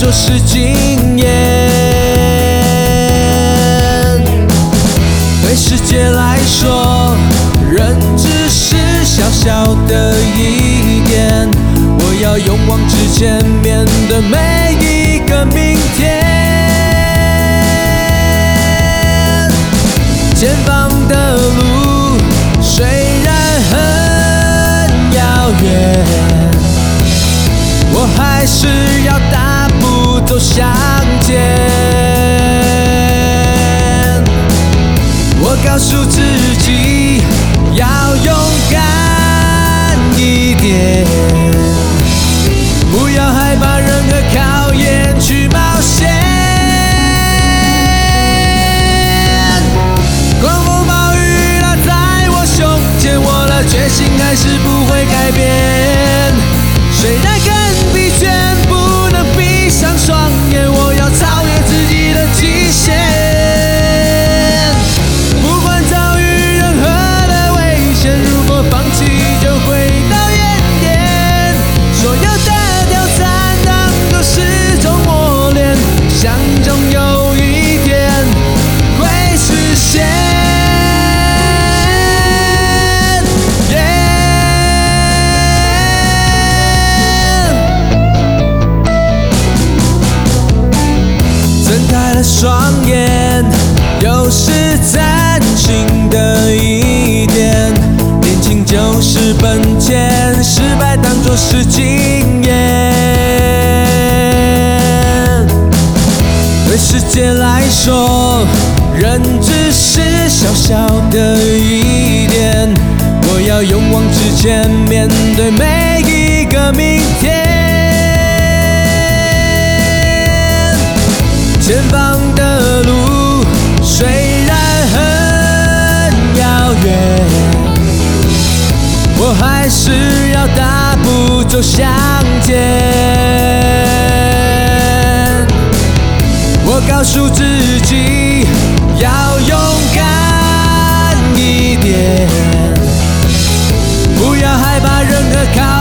就是經驗。對世界來說，人只是小小的一點。我要勇往直前，面對每一個明天。前方的路雖然很遙遠，我還是要大。走向前，我告訴自己要勇敢一點，不要害怕任何考驗，去冒險。狂風暴雨打在我胸前，我的決心還是不會改變。雖然。雙眼，又是嶄新的一天。年輕就是本錢，失敗當作是經驗。對世界來說，人只是小小的一點。我要勇往直前，面對每一個明天。前方的路雖然很遙遠，我還是要大步走向前。我告訴自己要勇敢一點，不要害怕任何考驗。